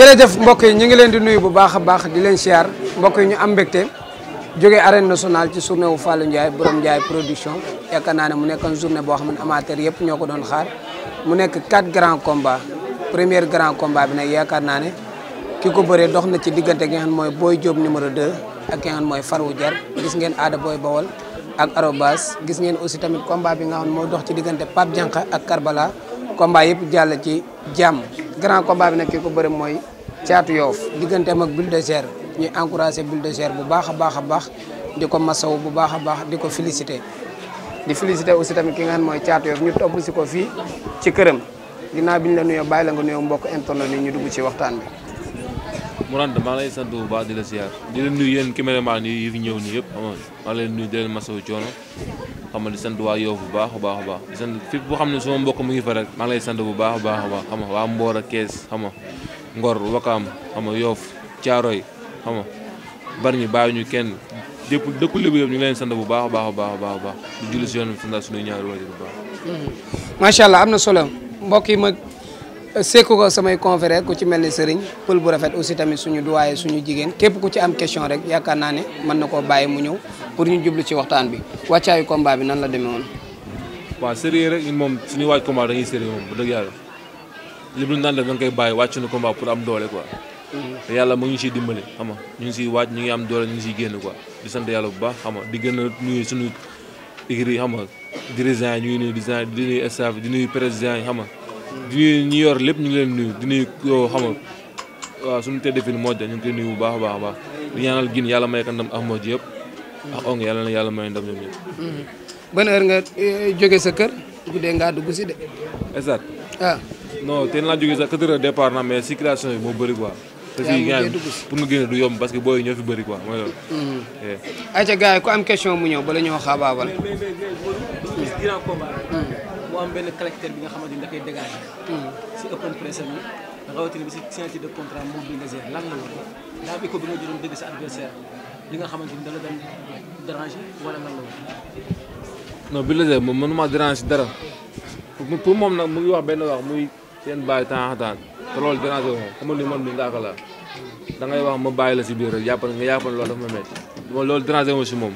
jërëjëf mbokk yi ñu ngi leen di nuyu bu baax a baax di leen siyaar mbokk yi ñu am mbégte jóge arène nationale ci journée wu Fallou njaay borom Ndiaye production yaakaar naa ne mu nekkoon journée boo xam ne amateur yëpp ñoo ko doon xaar mu nekk quatre grands combats premier grand combat bi nag yaakaar naa ne ki ko bëree dox na ci diggante ki mooy booy Diop numéro 2 ak ki nga xam mooy Farou Diar gis ngeen aada booy Bawol ak Arobas gis ngeen aussi tamit combat bi nga xam ne moo dox ci diggante Pape Dianka ak Karbala combat yëpp jàll ci jàmm grand combat bi nag ki ko bëri mooy caatu yoof digganteem ak bulldozer ñuy de bulldozer bu baax a baax a baax di ko masaw bu baax a baax di ko félicité di félicité aussi tamit ki nga xam mooy caatu yoof ñu topp si ko fii ci këram ginnaaw bi ñu la nuyoo bàyyi la nga nuyoo mbokk internet yi ñu dugg ci waxtaan bi Mourante maa ngi lay sant bu baax di la siyaar di leen nuyu yéen caméraman yi fi ñëw nii yëpp maa ngi di leen masawu coono xam di sant waa Yoff bu baax a baax a baax di sant boo xam ne suma mbokk mu ngi fa rek maa ngi lay sant bu baax a baax a baax xam nga waa Mboor ak Kees xam nga Ngor Wakaam xam nga ñu bàyyi ñu kenn dépp dëkku lébu yëpp ñu bu baax baax a baax a baax di julli si yoon sant suñu ñaari waajur bu baax mm-hmm. macha allah am na solo mbokk yi sekk ko samay confrères ku ci mel ni Serigne pël bu rafet aussi tamit suñu duwaaye suñu jigéen képp ku ci am question rek yaakaar naa ne mën na koo bàyyi mu ñëw pour ñu jublu ci waxtaan bi wàccaayu combat bi nan la demee woon. waaw sérieux rek ñun moom suñuy waaj combat dañuy sérieux moom bu dëgg yàlla li mu naan def koy bàyyi wàcc na combat pour am doole quoi. Mhm. yàlla mu ngi siy dimbali xam ñu ngi siy waaj ñu ngi am doole ñu ngi siy génn quoi di sant yàlla bu baax xam nga di génn a nuyu suñu écrits yi xam nga dirigeants yi ñu ngi nuyu di nuyu nuyu président yi xam di ñu yor lépp ñu ngi leen nuyu di nuyu koo xamal suñu tedd fi moo ja ñu ngi koy nuyu bu baax baax baax di ñaanal gin yàlla may ko ndam ak moo ji yëpp ak ong yàlla na yàlla may ndam ñoom ñëpp ban heure nga jóge sa kër guddee ngaa dugg si de exact ah te tey naa jóge sa quatre heures départ na mais circulation yi moo bëri quoi te fii gaan pour nga génne du yomb parce que booy ñoo fi bëri ko mooy loolu ayca gars yi ku am question mu ñëw bala ñoo xaabaabal am benn caractère bi nga xamante ni da koy dégagé. si open press de contrat mobiliser lan la woon daa am nga jëloon ni dala doon déranger wala lan la woon. non Bulldozer moom mënuma déranger dara pour moom nag mu ngi wax benn wax muy seen bàyyi temps xataan te loolu déranger moom xamal ni man mi ngaa ko la wax ma bàyyi la si biir rek jàpp nga jàpp ne loolu dafa ma métti loolu déranger mo si moom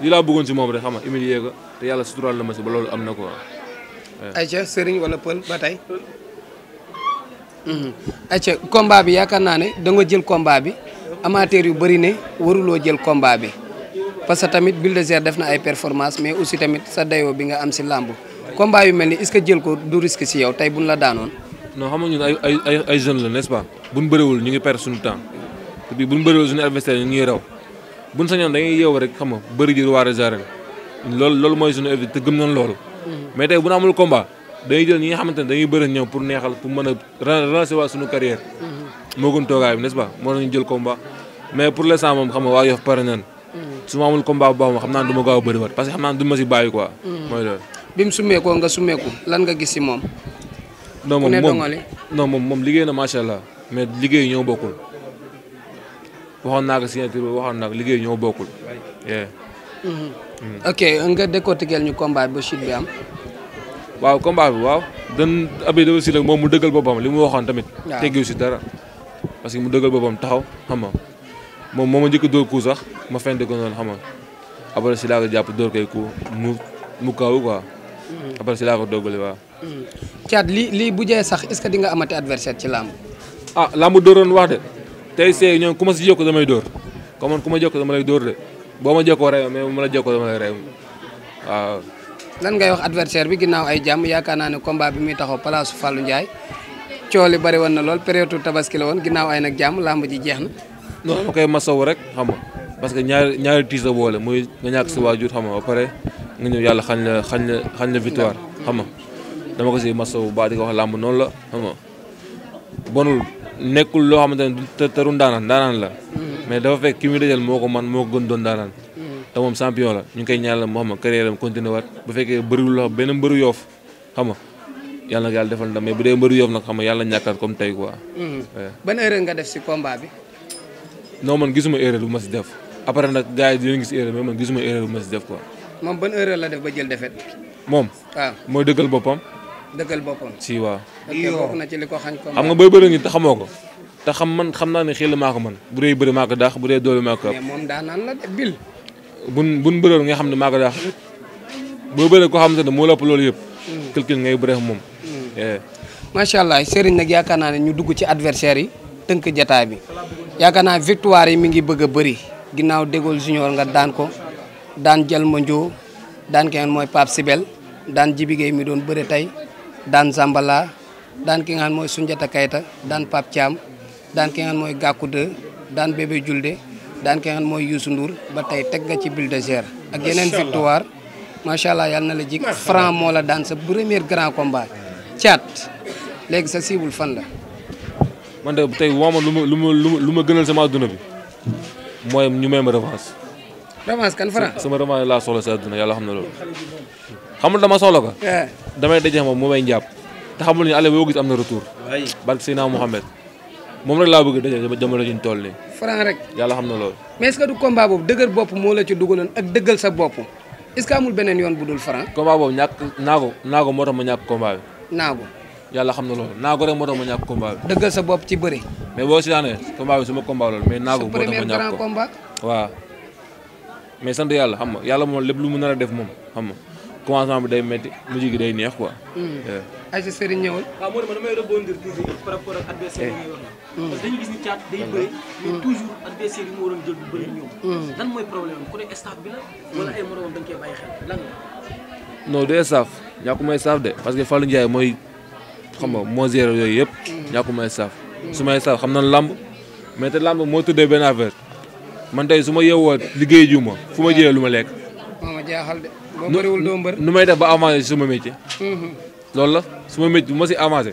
li laa bëggoon si moom rek xam nga humilier ko te yàlla suturaal la ma si ba loolu am na ko ayca sëriñ wala pël ba tey mhm. ayca combat bi yaakaar naa ne da nga jël combat bi amateur yu bari ne waruloo jël combat bi parce que tamit Bulldozer def na ay performance mais aussi tamit sa dayoo bi nga am si làmb combat yu mel ni est-ce que jël ko du risque si yow tey buñ la daanoon non xam nga ay ay ay jeunes la n'est-ce pas buñ bëriwul ñu ngi per suñu temps te bii buñ bëriwul suñu adversaire ñu ngi raw sa sañoon dañuy yeew rek xam nga bëri ji roi des arènes loolu loolu mooy suñu te gëm loolu mais tey bu ñu amul combat dañuy jël ñi nga xamante ne dañuy bëri ñoom pour neexal pour mën a relancer waa suñu carrière mhm. moo gën toogaay bi n'est-ce pas moom xam nga waa Yoff pare nañ mhm. su ma amul xam naa ma a bëri wat parce que xam naa du ma si bàyyi quoi mhm. mooy loolu bi mu summeekoo nga summeeku lan nga gis si moom non moom moom non moom moom liggéey na macha allah mais liggéey ñoo bokkul waxoon naa ko signature bi waxoon naa ko liggéey ñoo bokkul Mm-hmm. ok nga décortiquer ñu combat ba chute bi am. waaw combat bi waaw dan abi dafa si moom mu dëggal boppam li mu waxoon tamit. waaw teggiwu si dara. parce que mu dëggal boppam taxaw xam nga moom moo ma njëkk a dóor ku sax ma fente ko noonu xam nga après si laa jàpp dóor kay ku mu mu kaw quoi. Mm-hmm. après si laa ko doggali waaw. Thiat mm-hmm. lii lii bu jee sax est-ce que di nga amati adversaire ci làmb. ah làmb dóoroon wax de tey see ñoom ku ma si yokk damay dóor comme man ku ma yokk dama lay dóor de. boo ma jokkoo rey mais bu ma la jokkoo dama lay rey waaw. ngay wax adversaire bi ginnaaw ay jàmm yaakaar naa ne combat bi muy taxaw palaasu Fallou Ndiaye cool yi bari woon na lool période tabaski la woon ginnaaw ay nag jàmm làmb ji jeex na. non koy masawu rek xam parce que ñaari ñaari tiis la boole muy nga ñàkk xam ba pare nga ñëw yàlla xañ la xañ la xañ la victoire xam dama ko si masawu ba di wax làmb noonu la xam bonul nekkul loo xam ne te teru ndaanaan ndaanaan la. mais dafa fekk ki muy dajal moo ko man moo ko gën doon daanaan mhm. te moom champion la ñu ngi koy ñaanal moo xam ne carrière am continué waat bu fekkee bëriwul loo benn mbëru yoof xam nga yàlla yàlla defal ndam mais bu dee mbëru yoof nag xam nga yàlla ñàkkaat comme tey quoi. Mhm. ban erreur nga def si combat bi. non man gisuma erreur bu ma si def après nag gars yi dinañ gis erreur bu ma si def quoi. moom ban erreur la def ba jël defet moom waaw ah. mooy dëggal boppam. dëggal boppam. si waaw. na ci li ko xañ ko. xam nga booy bëri nit xamoo ko. te xam man xam naa ne xel maa ko man bu dee bëri maa ko daax bu dee doole maa ko. mais moom daan naan la de bil. buñ buñ bëree nga xam ne maa ko daax boo bëree ko xam ne moo lëpp loolu yëpp. calcul mm. moom. Mm. macha allah Serigne nag yaakaar naa ne ñu dugg ci adversaire yi tënk jataay bi yaakaar naa victoire yi mi ngi bëgg a bëri ginnaaw Dégol junior nga daan ko daan Jal Mandio daan keneen mooy Pape Sibel daan Jibigéey mi doon bëri tey daan Zambala daan ki nga xam mooy Sunjata Kayta daan Pape Thiam. daan ki nga mooy Gakou 2 daan Bébé Diouldé daan ki nga mooy Youssou Ndour ba tey teg nga ci Bulle de Gers ak yeneen victoire macha allah yàlla na la jik franc moo la daan sa premier grand combat caat léegi sa cible fan la. man de tey woo ma lu ma lu lu ma gënal sama adduna bi mooy ñu may ma revanche. revanche kan franc sama revanche laa soxla si adduna yàlla xam na loolu. xamul dama soxla ko. Eh. damay daje moom mu may njàpp te xamul ne allé boo gis am na retour. barke moom rek laa bëgg dajee jamono ji ñu toll nii. Franc rek yàlla xam na loolu. mais est-ce que du combat boobu dëgër bopp moo la ci dugaloon ak dëggal sa bopp est-ce que amul beneen yoon bu dul Franc. combat boobu ñàkk naago naago moo tax ma ñàkk combat bi. naago. yàlla xam na loolu naago rek moo ma ñàkk combat bi. dëggal sa bopp ci bëri. mais boo si daanee combat bi su ma loolu mais naago moo tax ma ñàkk ko waaw mais sant yàlla xam nga yàlla moom lépp lu mu nar a def moom xam commencement bi day métti mujj gi day neex quoi. Hmm. Aïcha Serigne ñëwal. par rapport ak adversaire yi ngay wax. Eh. parce hmm. hmm. mooy problème am côté staff bi la. wala ay moroomam dañ koy bàyyi xel lan la. non ñàkkumay staff de parce que Fallou Ndiaye mooy xam nga moo gérer yooyu yëpp. ñàkkumay staff. su may staff xam na lamb mais te moo tuddee benn affaire man tey su ma yeewoo liggéey jiw fu ma jëlee lu ma lekk. jaaxal de. boo nu may def ba avancé si suma métier. Mhm. loolu la suma métier bu ma si avancé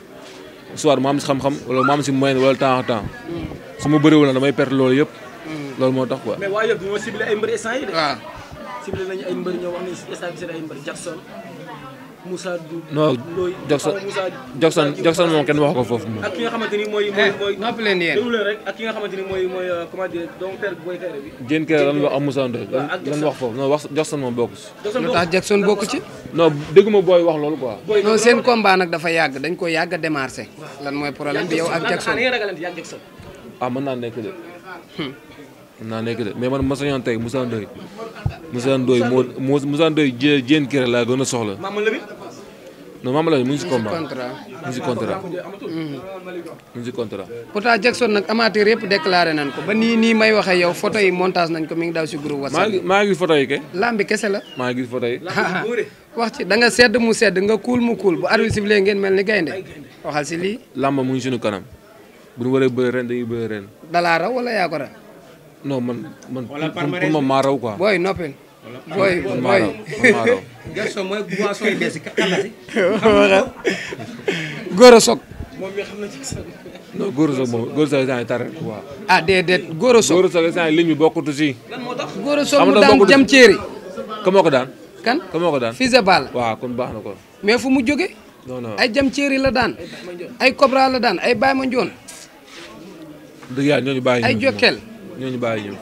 soit ma am si xam-xam wala ma am si moyen wala temps à temps mhm. su ma bëriwul nag damay perte loolu yëpp. Mhm. loolu moo tax quoi. mais waa yëpp moo ciblé ay mbër instant yi nañu ay mbër ñoo wax ne instant ay mbër Jackson. no non Jackson Jackson Jackson moom kenn wax ko foofu moom. ak ki nga xamante ni mooy mooy noppi leen yéen rek ak ki nga xamante ni wax ak Moussa Ndoye lan wax foofu non wax Jackson moom bokku ci. lu tax Jackson bokku dégguma booy wax loolu quoi. non seen combat nag dafa yàgg dañ koy yàgg a lan mooy problème bi yow ak Jackson. ah mën naa nekk de. mën naa nekk de mais man ma sañoon tey Moussa Ndoye Moussa Ndoye moo Moussa Ndoye jé jéen kere laa gën a soxla. non Mama mu ngi si combat mu ngi si contrat mu ngi si amateur yëpp déclaré nañ ko ba nii nii may waxee yow photo montage nañ ko mi ngi daw maa ngi foto ngi yi kay. lambi kese la. maa ngi photo yi. wax ci da nga sedd mu sedd nga kuul mu kuul bu arbitre sifflé ngeen mel ni gaynde waxal si lii. lamba mu ngi suñu kanam bu ñu waree bëre ren dañuy bëre ren. dala raw wala yaa ko raw. no man man pour ma maa raw quoi. booy noppin. booy booy. Gaston mooy boisson yi des si kàllaasi. góor a soog. moom mu daan jam céeri. ka moo daan. kan ka moo ko daan Fils de kon baax na ko. mais fu mu jógee. non non ay jam céeri la daan. ay Cobra la daan ay Baye Mandione. dëgg yàlla ñooñu ay Jokkel. ñooñu bàyyi ñu.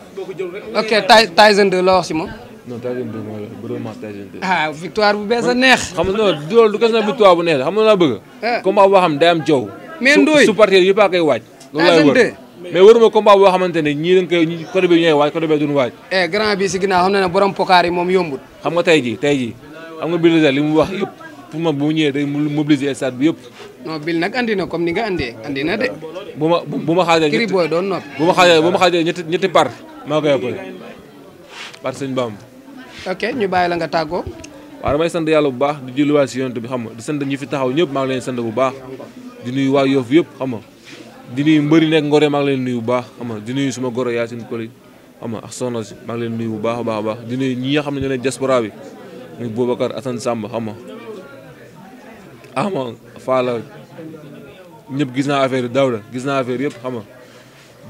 ok Ty Tyson 2 la wax si moom. non Tyson 2 mooy vraiment Tyson 2. ah victoire bu bees a neex. xam nga du kese na victoire bu neex xam nga laa bëgg. Ah. combat boo xam day am jaww. mais Ndoye supporter yi baa koy waaj. loolu laay wër mais wëruma combat boo xamante ne ñii dañ koy ñi côté bi ñooy waaj côté bi duñ waaj. Eh, grand bi si ginnaaw xam na ne borom pokaar yi moom yombut. xam nga tey ji tey jii xam nga Bulldozer li mu wax pour ma bu ñëwee day mobiliser stade bi yëpp. non nag andi comme ni nga andee andi na de. bu ma bu ma xaajee ñetti booy doon noppi. bu ma xaajee bu ma xaajee ñetti par maa koy appelé par sëñ Bamba. ok ñu bàyyi la nga tàggoo. waaw damay sant yàlla bu baax di julliwaat si yont bi xam nga di sant ñi fi taxaw ñëpp maa ngi leen sant bu baax di nuyu waa Yoff yëpp xam nga di nuyu mbëri nekk Ngor maa ngi leen nuyu bu baax xam nga di nuy suma goro Yacine Collège xam nga ak soxna si maa ngi leen nuyu bu baax a baax a baax di nuyu ñi nga xam ne ñoo ne diaspora bi muy Boubacar Assane Samb xam ama ah, faala gis naa affaire yi daaw gis naa affaire yëpp xam nga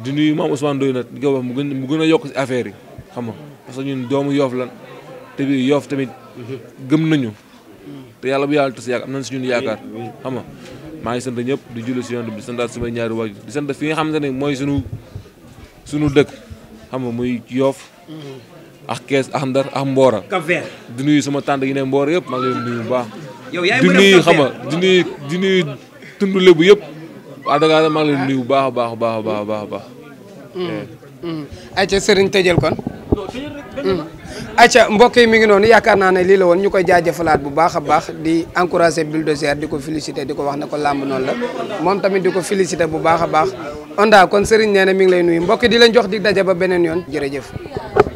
di nuyu mu gën a yokk si affaire yi xam nga parce que ñun doomu lan te bi tamit gëm nañu te yàlla bu yàlla tas am na si ñun yaakaar xam maa ngi sant ñëpp di julli si yoon bi di santaat sumay ñaari waajur di sant fi nga xamante ne mooy sunu dëkk xam muy yoof ak kees ak ndar ak mboora di nuyu sama tànt yi ne mboora yëpp maa ngi baax yow yaay mën di nuyu xam nga di nuyu di nuyu tund lébu yëpp waa Dakar maa ngi leen nuyu bu baax a baax a baax a baax a baax. ayca sëriñ tëjël kon. acca mm. mbokk yi mi noonu yaakaar naa ne lii la woon ñu koy jaajëfalaat bu baax a baax di encourager Bulldozer di ko féliciter di ko wax ne ko làmb noonu la moom tamit di ko féliciter bu baax a baax Onda kon Serigne nee na mi ngi lay nuyu mbokk di leen jox di daje ba beneen yoon jërëjëf.